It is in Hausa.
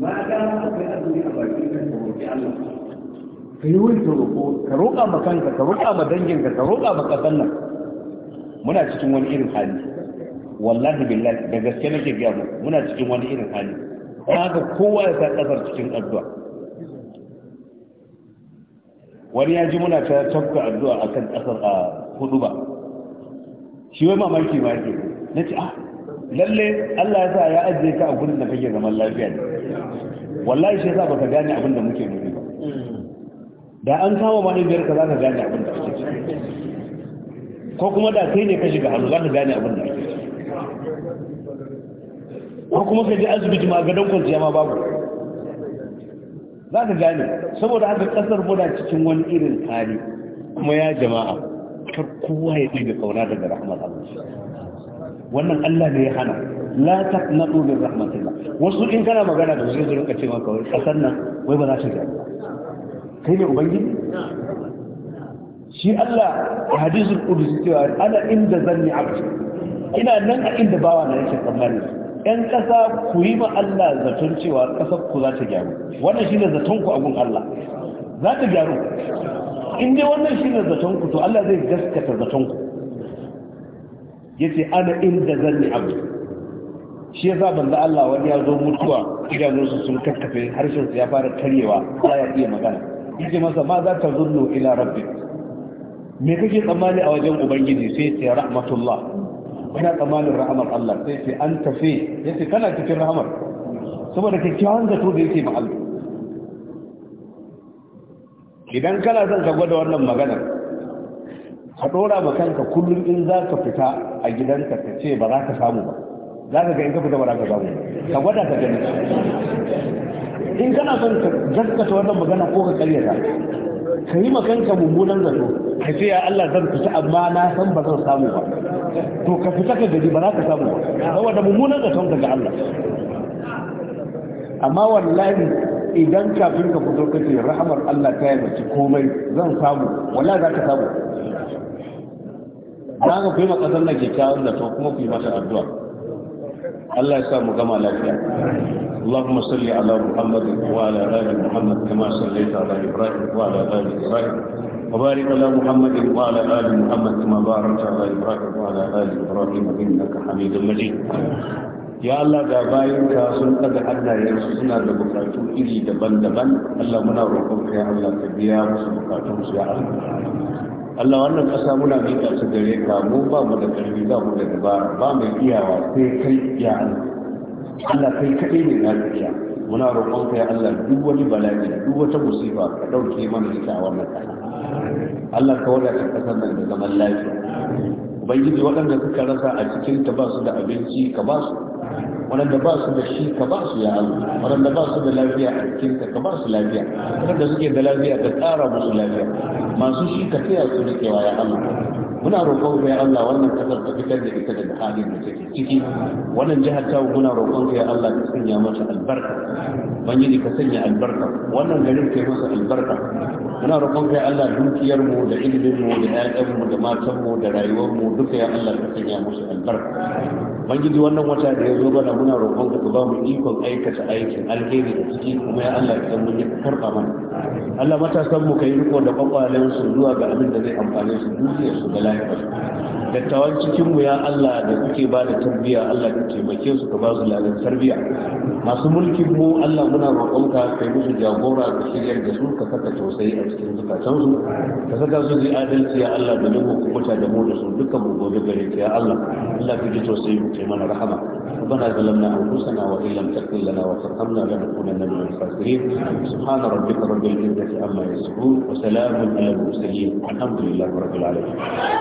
ma dama akwai azumi a bakin ka ko: roƙi Allah ka yi wani ka roƙo ka roƙa ma kanka ka roƙa ma danginka ka roƙa ma ƙasar nan muna cikin wani irin hali wallahi billahi da gaske nake gaya mu muna cikin wani irin hali haka kowa ya sa ƙasar cikin addu'a wani ya ji muna ta tafka addu'a akan ƙasar a hudu ba shi wai mamaki ma yake na ce ah lalle Allah ya sa ya ajiye ka a gurin da kake zaman lafiya ne wallahi shi yasa baka gane abin da muke nufi ba da an kawo biyar ka zaka gane abin da ake ko kuma da kai ne ka shiga hannu zaka gane abin da ake ko kuma ka je asibiti ma ga dankon ma babu za ka gane saboda haka kasar mu cikin wani irin hali kuma ya jama'a kar kowa ya da kauna daga rahmat Allah wannan Allah ne ya hana la taqnatu min rahmatillah wasu in kana magana da zai rinka ce maka wai kasar nan wai ba za ta ga kai ne ubangiji shi Allah a hadisul qudsi cewa ana inda zanni abdi ina nan a inda bawa na yake tsammani yan ƙasa ku yi ma Allah zaton cewa ƙasar ku za ta gyaru wannan shine zaton ku a gun Allah za ta gyaru in dai wannan shine zaton ku to Allah zai gaskata zaton ku yace ana inda zan yi abu shi ya yasa banza Allah wani ya zo mutuwa idanunsu sun kakkafe harshen su ya fara karyewa ba ya iya magana yace masa ma za ka zunnu ila rabbi me kake tsammani a wajen ubangiji sai ce rahmatullah ina tsammanin rahamar Allah sai ce an tafi yace kana cikin rahamar saboda kyakkyawan zato da yake ma Allah idan kana son ka gwada wannan maganar ka ɗora ma kanka kullum in za ka fita a gidanka ka ce ba za ka samu ba za ka ga in ka fita ba za ka samu ka gwada ka gani in kana son ka gaskata wannan magana ko ka karyata ka yi ma kanka mummunan zato ka ce ya Allah zan fita amma na san ba zan samu ba to ka fita ka gaji ba za ka samu ba saboda mummunan zaton ka ga Allah amma wallahi idan kafin ka fito kace rahamar Allah ta yi komai zan samu wallahi za ka samu za ka kai makasar na kyakkyawan da kuma ku yi mata addu'a Allah ya sa mu gama lafiya اللهم صل ya Allah ga ka sun daga hannayensu suna da bukatu iri daban-daban Allah muna roƙon ya Allah ka biya musu bukatunsu ya Allah Allah wannan ƙasa muna miƙa su gare ka mu ba mu da ƙarfi ba mu da dabara ba mai iyawa sai kai ya Allah Allah kai kaɗai ne na iya muna roƙon ka ya Allah duk wani bala'i duk wata musiba ka ɗauke mana ita a wannan ƙasa Allah ka wadata ƙasar nan da zaman lafiya ubangiji waɗanda suka rasa a cikin ta ba su da abinci ka ba su waɗanda ba su da shi ka ba su ya Allah waɗanda ba su da lafiya a cikin ka ba su lafiya waɗanda suke da lafiya ka tsara musu lafiya masu shi ka taya su rikewa ya Allah muna roƙon ka ya Allah wannan kasar ta fitar da ita daga halin da take ciki wannan jihar ta muna roƙon ka ya Allah ka sanya mata albarka ubangiji ka sanya albarka wannan garin kai masa albarka muna roƙon ka ya Allah dukiyar mu da ilimin mu da ƴaƴan mu da matan mu da rayuwar mu duka ya Allah ka sanya musu albarka ubangiji wannan wata da ya zo bana muna roƙon ka ka ba mu ikon aikata aikin alheri da ciki kuma ya Allah ka mun yi karɓa mana Allah matasan mu kai riko da kwakwalen su zuwa ga abin da zai amfane su dukiyar su da lafiya dattawan cikinmu ya Allah da kuke ba da tarbiya Allah ka taimake su ka ba su ladan tarbiyya. masu mulkin mu Allah muna roƙonka ka yi musu jagora da shigar da su ka saka tausayi a cikin zukatansu ka saka su ji adalci ya Allah da mu kubuta da mu da su duka mu gobe gare ka ya Allah Allah ka ji tausayi mu kai mana rahama ربنا ظلمنا انفسنا وان لم تغفر لنا وترحمنا لنكونن من الخاسرين سبحان ربك رب العزه عما يصفون وسلام على المرسلين والحمد لله رب العالمين